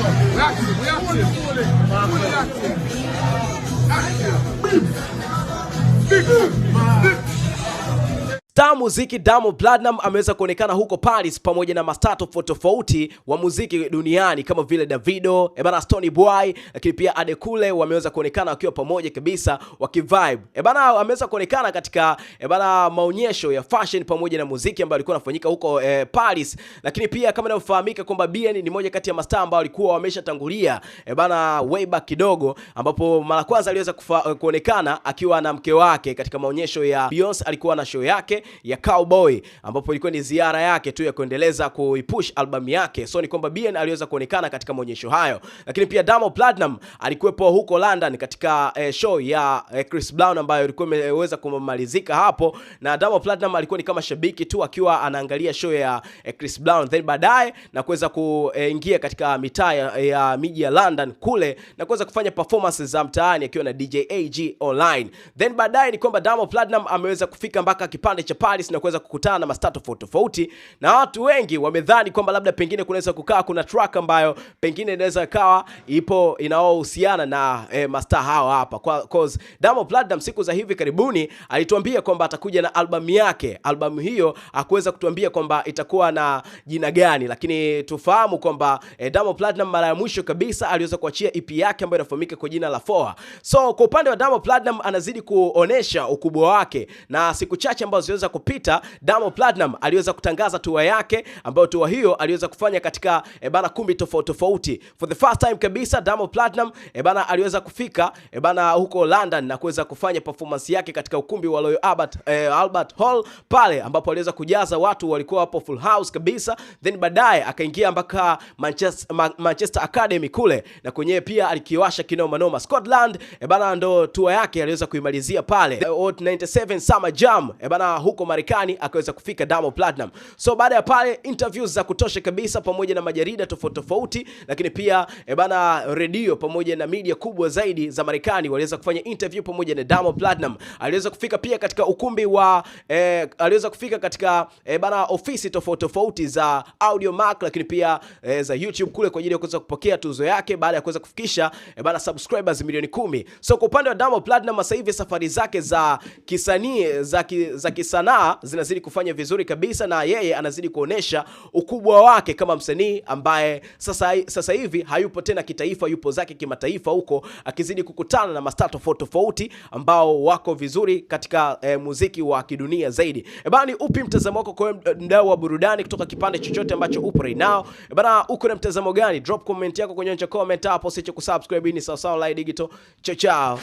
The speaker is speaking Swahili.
We active, we active. Fully active. Active. Big. Big. Big. muziki Diamond Platnumz ameweza kuonekana huko Paris pamoja na mastaa tofauti tofauti wa muziki duniani kama vile Davido, ebana Stony Boy, lakini pia Adekule wameweza kuonekana wakiwa pamoja kabisa wakivibe. Ebana ameweza kuonekana katika ebana maonyesho ya fashion pamoja na muziki ambayo alikuwa anafanyika huko e, Paris. Lakini pia kama inavyofahamika kwamba BN ni moja kati ya mastaa ambao walikuwa wameshatangulia ebana way back kidogo, ambapo mara kwanza aliweza eh, kuonekana akiwa na mke wake katika maonyesho ya Beyonce, alikuwa na show yake ya Cowboy ambapo ilikuwa ni ziara yake tu ya kuendeleza kuipush album yake. So ni kwamba BN aliweza kuonekana katika maonyesho hayo, lakini pia Diamond Platinum alikuwepo huko London katika eh, show ya eh, Chris Brown ambayo ilikuwa imeweza kumalizika hapo, na Diamond Platinum alikuwa ni kama shabiki tu akiwa anaangalia show ya eh, Chris Brown, then baadaye na kuweza kuingia eh, katika mitaa ya, ya miji ya London kule na kuweza kufanya performances za mtaani akiwa na DJ AG online, then baadaye ni kwamba Diamond Platinum ameweza kufika mpaka kipande cha pale Paris na kuweza kukutana na mastaa tofauti tofauti, na watu wengi wamedhani kwamba labda pengine kunaweza kukaa kuna track ambayo pengine inaweza kawa ipo inaohusiana na eh, mastaa hao hapa, kwa cause Diamond Platnumz siku za hivi karibuni alituambia kwamba atakuja na albamu yake. Albamu hiyo hakuweza kutuambia kwamba itakuwa na jina gani, lakini tufahamu kwamba eh, Diamond Platnumz mara ya mwisho kabisa aliweza kuachia EP yake ambayo inafahamika kwa jina la Foa. So kwa upande wa Diamond Platnumz anazidi kuonesha ukubwa wake na siku chache ambazo ziweza iliyopita Diamond Platinum aliweza kutangaza tour yake ambayo tour hiyo aliweza kufanya katika e, bana kumbi tofauti tofauti. For the first time kabisa Diamond Platinum e, eh, bana aliweza kufika e, bana huko London na kuweza kufanya performance yake katika ukumbi wa Royal Albert, e, Albert Hall pale ambapo aliweza kujaza watu, walikuwa hapo full house kabisa, then baadaye akaingia mpaka Manchester, Ma Manchester Academy kule na kwenyewe pia alikiwasha kinoma noma. Scotland e, bana ndo tour yake aliweza kuimalizia pale The 97 Summer Jam e, bana huko Mar Marekani akaweza kufika Diamond Platinum. So baada ya pale interviews za kutosha kabisa pamoja na majarida tofauti tofauti, lakini pia e bana redio pamoja na media kubwa zaidi za Marekani waliweza kufanya interview pamoja na Diamond Platinum. Aliweza kufika pia katika ukumbi wa e, aliweza kufika katika e bana ofisi tofauti tofauti za Audio Mark, lakini pia e, za YouTube kule kwa ajili ya kuweza kupokea tuzo yake baada ya kuweza kufikisha e bana subscribers milioni kumi. So kwa upande wa Diamond Platinum sasa hivi safari zake za kisanii za, ki, za kisanaa kadhaa zinazidi kufanya vizuri kabisa, na yeye anazidi kuonesha ukubwa wake kama msanii ambaye sasa, sasa hivi hayupo tena kitaifa, yupo zake kimataifa huko akizidi kukutana na mastaa tofauti tofauti ambao wako vizuri katika e, muziki wa kidunia zaidi. E bana, upi mtazamo wako kwa mdau wa burudani kutoka kipande chochote ambacho upo right now? E bana, uko na mtazamo gani? Drop comment yako kwenye comment hapo, usiache kusubscribe. Ni sawa, Online Digital, chao chao.